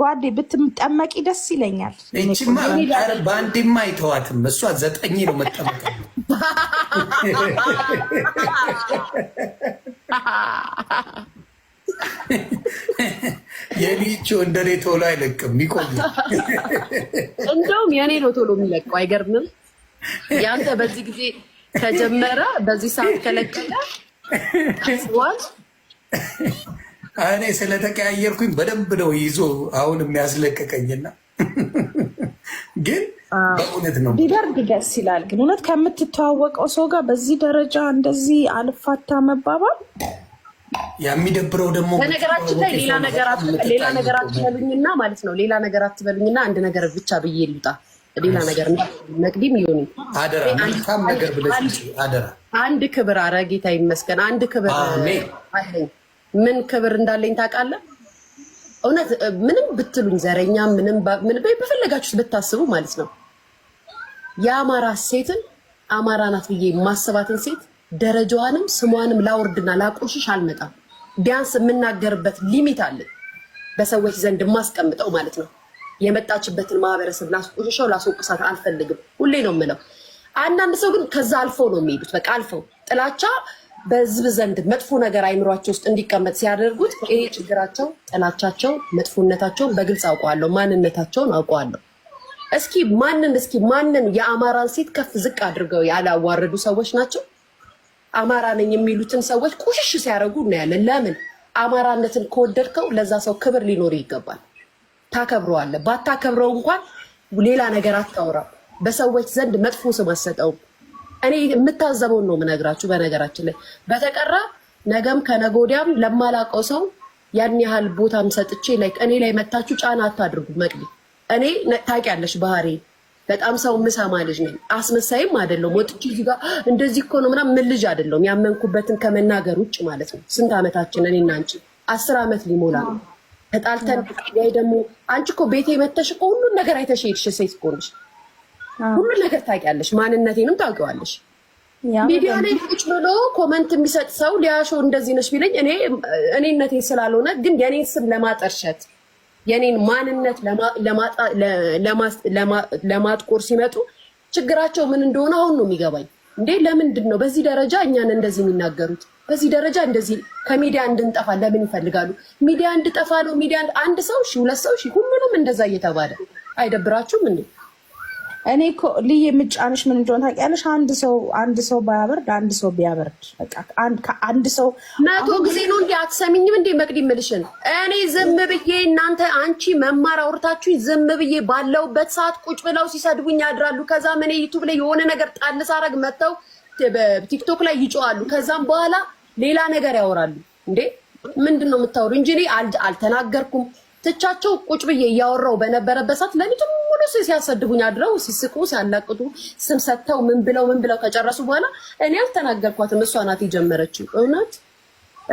ጓዴ ብትጠመቂ ደስ ይለኛል። በአንድማ አይተዋትም። እሷ ዘጠኝ ነው መጠመቅ እንደኔ ቶሎ አይለቅም። እንደውም የኔ ነው ቶሎ የሚለቀው። አይገርምም? ያንተ በዚህ ጊዜ ከጀመረ በዚህ ሰዓት ከለቀቀ እኔ ስለተቀያየርኩኝ በደንብ ነው ይዞ አሁን የሚያስለቀቀኝና ግን በእውነት ነው ቢደርግ ደስ ይላል። ግን እውነት ከምትተዋወቀው ሰው ጋር በዚህ ደረጃ እንደዚህ አልፋታ መባባል የሚደብረው ደግሞ በነገራችን ላይ ሌላ ነገር አትበሉኝና ማለት ነው ሌላ ነገር አትበሉኝና አንድ ነገር ብቻ ብዬ ልውጣ ሌላ ነገር መቅዲም ይሁን አንድ ክብር አረ ጌታ ይመስገን። አንድ ክብር ምን ክብር እንዳለኝ ታውቃለህ? እውነት ምንም ብትሉኝ ዘረኛ፣ ምንም በፈለጋችሁት ብታስቡ ማለት ነው የአማራ ሴትን አማራ ናት ብዬ የማሰባትን ሴት ደረጃዋንም ስሟንም ላውርድና ላቆሽሽ አልመጣም። ቢያንስ የምናገርበት ሊሚት አለን፣ በሰዎች ዘንድ የማስቀምጠው ማለት ነው። የመጣችበትን ማህበረሰብ ላስቆሸሸው ላስወቅሳት አልፈልግም። ሁሌ ነው የምለው። አንዳንድ ሰው ግን ከዛ አልፈው ነው የሚሄዱት። በቃ አልፈው ጥላቻ በህዝብ ዘንድ መጥፎ ነገር አይምሯቸው ውስጥ እንዲቀመጥ ሲያደርጉት ይሄ ችግራቸው፣ ጥላቻቸው፣ መጥፎነታቸውን በግልጽ አውቀዋለሁ። ማንነታቸውን አውቀዋለሁ። እስኪ ማንን እስኪ ማንን የአማራን ሴት ከፍ ዝቅ አድርገው ያላዋረዱ ሰዎች ናቸው? አማራ ነኝ የሚሉትን ሰዎች ቁሽሽ ሲያደርጉ እናያለን። ለምን አማራነትን ከወደድከው ለዛ ሰው ክብር ሊኖር ይገባል። ታከብረዋለህ። ባታከብረው እንኳን ሌላ ነገር አታውራም። በሰዎች ዘንድ መጥፎ ስም አትሰጠውም። እኔ የምታዘበውን ነው የምነግራችሁ። በነገራችን ላይ በተቀራ ነገም ከነገ ወዲያም ለማላውቀው ሰው ያን ያህል ቦታም ሰጥቼ እኔ ላይ መታችሁ ጫና አታድርጉ። መቅዲ እኔ ታውቂያለሽ ባህሪ በጣም ሰው ምሳማ ልጅ ነኝ። አስመሳይም አይደለሁም። ወጥቼ እዚህ ጋር እንደዚህ እኮ ነው ምናምን ምን ልጅ አይደለሁም። ያመንኩበትን ከመናገር ውጭ ማለት ነው። ስንት ዓመታችን እኔ እና አንቺ አስር ዓመት ሊሞላ ነው። ተጣልተን ወይ ደግሞ አንቺ እኮ ቤቴ የመተሽ እኮ ሁሉን ነገር አይተሽ ሄድሽ ሴት እኮ ነሽ። ሁሉን ነገር ታውቂያለሽ፣ ማንነቴንም ታውቂዋለሽ። ሚዲያ ላይ ቁጭ ብሎ ኮመንት የሚሰጥ ሰው ሊያሾ እንደዚህ ነሽ ቢለኝ እኔ እኔነቴ ስላልሆነ ግን የኔን ስም ለማጠርሸት የኔን ማንነት ለማጥቆር ሲመጡ ችግራቸው ምን እንደሆነ አሁን ነው የሚገባኝ። እንዴ ለምንድን ነው በዚህ ደረጃ እኛን እንደዚህ የሚናገሩት? በዚህ ደረጃ እንደዚህ ከሚዲያ እንድንጠፋ ለምን ይፈልጋሉ? ሚዲያ እንድጠፋ ነው። ሚዲያ አንድ ሰው ሺ ሁለት ሰው ሺ ሁሉንም እንደዛ እየተባለ አይደብራችሁም እንዴ? እኔ እኮ ልዬ የምጫንሽ ምን እንደሆነ ታውቂያለሽ? አንድ ሰው አንድ ሰው ባያበርድ አንድ ሰው ቢያበርድ አንድ ሰው መቶ ጊዜ ነው እንዲ አትሰሚኝም እንዴ? መቅድ ምልሽን እኔ ዝም ብዬ እናንተ አንቺ መማር አውርታችሁ ዝም ብዬ ባለውበት ሰዓት ቁጭ ብለው ሲሰድቡኝ ያድራሉ። ከዛ ምን ዩቱብ ላይ የሆነ ነገር ጣል ሳረግ መጥተው ቲክቶክ ላይ ይጮዋሉ። ከዛም በኋላ ሌላ ነገር ያወራሉ። እንዴ ምንድን ነው የምታወሩ እንጂ እኔ አልተናገርኩም። ትቻቸው ቁጭ ብዬ እያወራው በነበረበት ሰዓት ለሊቱም ሲያሰድቡኝ አድረው ሲስቁ ሲያላቅጡ ስም ሰጥተው ምን ብለው ምን ብለው ከጨረሱ በኋላ እኔ አልተናገርኳትም። እሷ ናት የጀመረችው። እውነት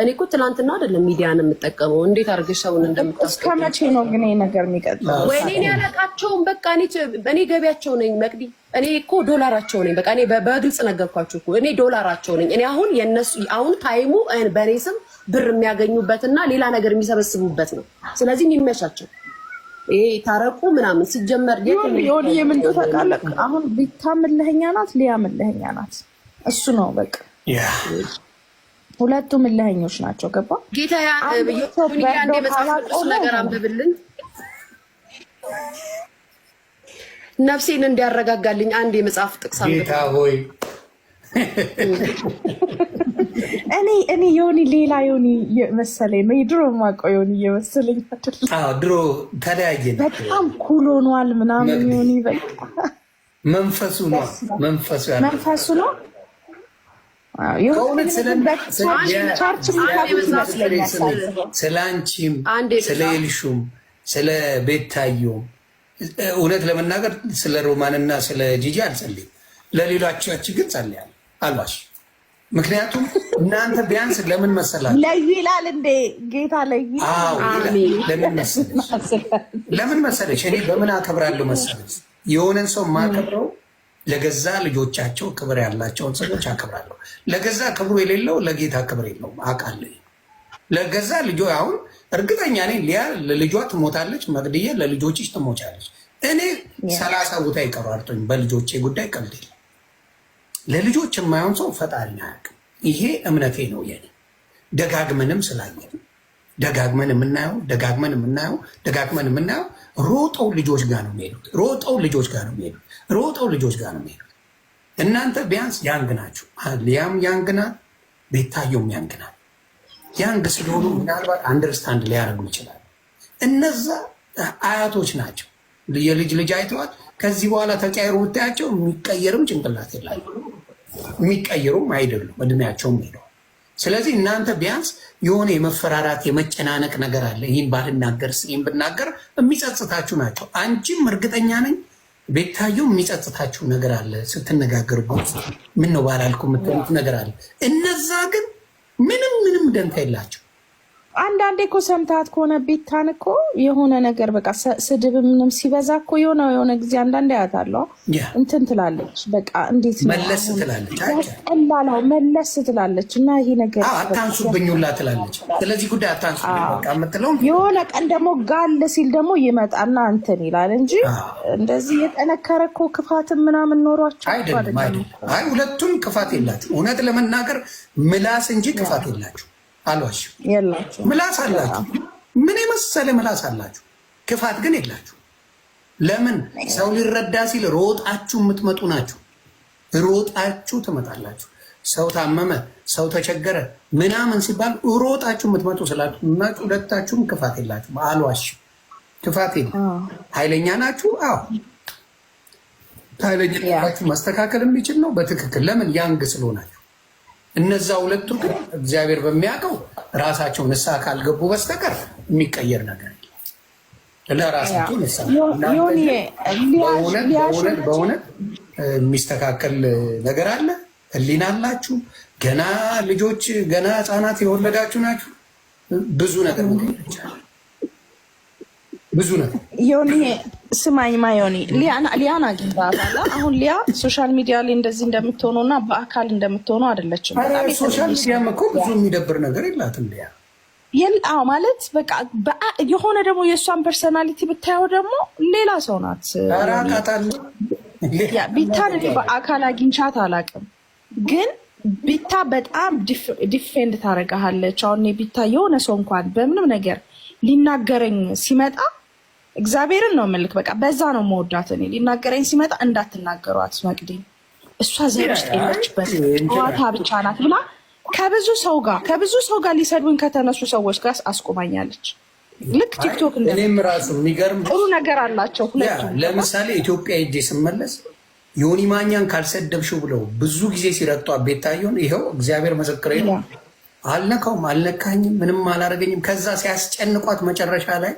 እኔ እኮ ትናንትና አይደለም ሚዲያን የምጠቀመው። እንዴት አድርገሽ ሰውን እንደምታስቀ እስከ መቼ ነው ግን ይሄ ነገር የሚቀጥለው? እኔ ያለቃቸውን በቃ እኔ ገቢያቸው ነኝ መቅዲ። እኔ እኮ ዶላራቸው ነኝ። በቃ እኔ በግልጽ ነገርኳቸው እኮ እኔ ዶላራቸው ነኝ። እኔ አሁን የነሱ አሁን ታይሙ በእኔ ስም ብር የሚያገኙበትና ሌላ ነገር የሚሰበስቡበት ነው። ስለዚህ የሚመቻቸው ይሄ ታረቁ ምናምን ሲጀመር ሆን የምንድ ታውቃለህ፣ አሁን ቤታ ምልህኛ ናት፣ ሊያ ምልህኛ ናት። እሱ ነው በቃ ሁለቱ ምለኸኞች ናቸው። ገባ ጌታ ነገር አንብብልን፣ ነፍሴን እንዲያረጋጋልኝ አንድ የመጽሐፍ ጥቅስ ጌታ ሆይ እኔ እኔ የሆኒ ሌላ የሆኒ መሰለኝ ነው የድሮ ማቀው የሆኒ እየመሰለኝ ድሮ ተለያየ። በጣም ኩል ሆኗል ምናምን የሆኒ መንፈሱ ነው መንፈሱ መንፈሱ ነው። ስለ አንቺም ስለ ኤልሹም ስለ ቤታዮም እውነት ለመናገር ስለ ሮማንና ስለ ጂጂ አልጸልይም። ለሌሎቻችሁ ግን ጸልያለሁ አሏሽ ምክንያቱም እናንተ ቢያንስ ለምን መሰላችሁ ለዩ ይላል እንዴ ጌታ ለዩ ለምን መሰለች ለምን እኔ በምን አከብራለሁ መሰለች የሆነን ሰው ማከብረው ለገዛ ልጆቻቸው ክብር ያላቸውን ሰዎች አከብራለሁ ለገዛ ክብሩ የሌለው ለጌታ ክብር የለውም አውቃለሁ ለገዛ ልጆ አሁን እርግጠኛ ነኝ ሊያ ለልጇ ትሞታለች መቅድዬ ለልጆችሽ ትሞቻለች እኔ ሰላሳ ቦታ ይቀሯርቶኝ በልጆቼ ጉዳይ ቀልድ የለም ለልጆች የማይሆን ሰው ፈጣሪ አያውቅም ይሄ እምነቴ ነው የኔ። ደጋግመንም ስላየን ደጋግመን የምናየው ደጋግመን የምናየው ደጋግመን የምናየው ሮጠው ልጆች ጋር ነው የሚሄዱት። ሮጠው ልጆች ጋር ነው የሚሄዱት። ሮጠው ልጆች ጋር ነው የሚሄዱት። እናንተ ቢያንስ ያንግ ናችሁ። ሊያም ያንግ ናት፣ ቤታየውም ያንግ ናት። ያንግ ስለሆኑ ምናልባት አንደርስታንድ ሊያደርጉ ይችላል። እነዛ አያቶች ናቸው። የልጅ ልጅ አይተዋል። ከዚህ በኋላ ተቀያይሩ ብታያቸው የሚቀየርም ጭንቅላት የላቸው። የሚቀይሩም አይደሉም እድሜያቸውም ሄደው። ስለዚህ እናንተ ቢያንስ የሆነ የመፈራራት የመጨናነቅ ነገር አለ። ይህን ባልናገር ይህን ብናገር የሚጸጽታችሁ ናቸው። አንቺም እርግጠኛ ነኝ ቤታየው የሚጸጽታችሁ ነገር አለ። ስትነጋገር ምን ነው ባላልኩ የምትሉት ነገር አለ። እነዛ ግን ምንም ምንም ደንታ የላቸው አንዳንዴ እኮ ሰምታት ከሆነ ቤታን እኮ የሆነ ነገር በቃ ስድብ ምንም ሲበዛ እኮ የሆነ የሆነ ጊዜ አንዳንዴ አያታለሁ እንትን ትላለች። በቃ እንዴት መለስ ትላለች፣ መለስ ትላለች። እና ይሄ ነገር አታንሱብኝ ሁላ ትላለች። ስለዚህ ጉዳይ አታንሱብኝ በቃ የሆነ ቀን ደግሞ ጋል ሲል ደግሞ ይመጣና እንትን ይላል እንጂ እንደዚህ የጠነከረ እኮ ክፋትን ምናምን ኖሯቸው አይደለም። ሁለቱም ክፋት የላቸው እውነት ለመናገር ምላስ እንጂ ክፋት የላቸው አሏችሁ። ምላስ አላችሁ፣ ምን የመሰለ ምላስ አላችሁ፣ ክፋት ግን የላችሁ። ለምን ሰው ሊረዳ ሲል ሮጣችሁ የምትመጡ ናችሁ። ሮጣችሁ ትመጣላችሁ። ሰው ታመመ፣ ሰው ተቸገረ ምናምን ሲባል ሮጣችሁ የምትመጡ ስላችሁ እና ሁለታችሁም ክፋት የላችሁ። አሏሽ ክፋት የለ። ኃይለኛ ናችሁ። አዎ ኃይለኛ ናችሁ። መስተካከል የሚችል ነው በትክክል ለምን ያንግ ስለሆናችሁ እነዛ ሁለቱ ግን እግዚአብሔር በሚያውቀው ራሳቸው ንስሐ ካልገቡ በስተቀር የሚቀየር ነገር ለራሳቸው በእውነት የሚስተካከል ነገር አለ። ህሊና አላችሁ። ገና ልጆች ገና ህፃናት የወለዳችሁ ናችሁ። ብዙ ነገር ብዙ ነገር ስማኝ ማዮኒ ሊያን አግኝታታል። አሁን ሊያ ሶሻል ሚዲያ ላይ እንደዚህ እንደምትሆኑ እና በአካል እንደምትሆኑ አይደለችም። ሶሻል ሚዲያም እኮ ብዙ የሚደብር ነገር የላትም ሊያ ማለት በቃ የሆነ ደግሞ የእሷን ፐርሰናሊቲ ብታየው ደግሞ ሌላ ሰው ናት። ቢታን በአካል አግኝቻት አላውቅም፣ ግን ቢታ በጣም ዲፌንድ ታደርግሃለች። አሁን ቢታ የሆነ ሰው እንኳን በምንም ነገር ሊናገረኝ ሲመጣ እግዚአብሔርን ነው ምልክ በቃ በዛ ነው መወዳት። እኔ ሊናገረኝ ሲመጣ እንዳትናገሩ መቅደም እሷ ዘር ውስጥ የለችበት ዋታ ብቻ ናት ብላ ከብዙ ሰው ጋር ከብዙ ሰው ጋር ሊሰድቡኝ ከተነሱ ሰዎች ጋር አስቆማኛለች። ልክ ቲክቶክ እኔም ራሱ የሚገርም ጥሩ ነገር አላቸው ሁለቱም። ለምሳሌ ኢትዮጵያ ሄጄ ስመለስ ዮኒ ማኛን ካልሰደብሽው ብለው ብዙ ጊዜ ሲረግጧ ቤታየውን ይኸው እግዚአብሔር መሰክሬ ነው አልነካውም፣ አልነካኝም፣ ምንም አላደረገኝም። ከዛ ሲያስጨንቋት መጨረሻ ላይ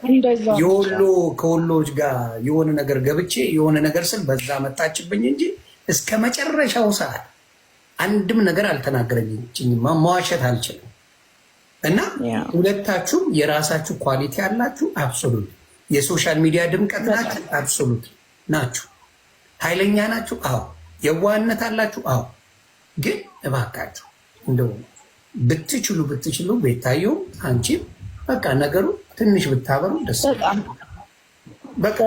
የወሎ ከወሎች ጋር የሆነ ነገር ገብቼ የሆነ ነገር ስል በዛ መጣችብኝ እንጂ እስከ መጨረሻው ሰዓት አንድም ነገር አልተናገረኝም። መዋሸት አልችልም። እና ሁለታችሁም የራሳችሁ ኳሊቲ ያላችሁ አብሶሉት፣ የሶሻል ሚዲያ ድምቀት ናችሁ፣ አብሶሉት ናችሁ። ኃይለኛ ናችሁ፣ አዎ። የዋህነት አላችሁ፣ አዎ። ግን እባካችሁ እንደሆነ ብትችሉ ብትችሉ ቤታየውም አንቺም በቃ ነገሩ ትንሽ ብታበሩ ደስ በቃ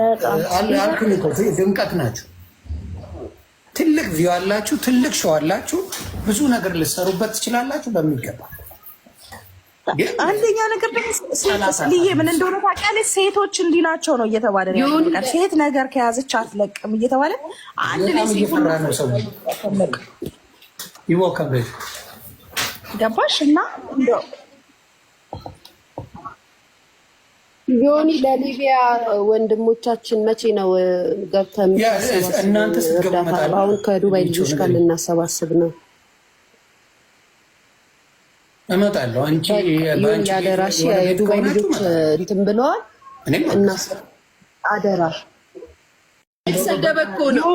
ድምቀት ናችሁ። ትልቅ ቪው አላችሁ፣ ትልቅ ሸው አላችሁ፣ ብዙ ነገር ልሰሩበት ትችላላችሁ በሚገባ አንደኛ ነገር ልዬ ምን እንደሆነ ታውቂያለሽ? ሴቶች እንዲህ ናቸው ነው እየተባለ ሴት ነገር ከያዘች አትለቅም እየተባለ አንድ ላይ ሴት ገባሽ? እና እንደው ዮኒ ለሊቢያ ወንድሞቻችን መቼ ነው ገብተን አሁን ከዱባይ ልጆች ጋር ልናሰባስብ ነው? እመጣለሁ። አንቺ አደራሽ የዱባይ ልጆች እንትን ብለዋል። አደራ የተሰደበ እኮ ነው።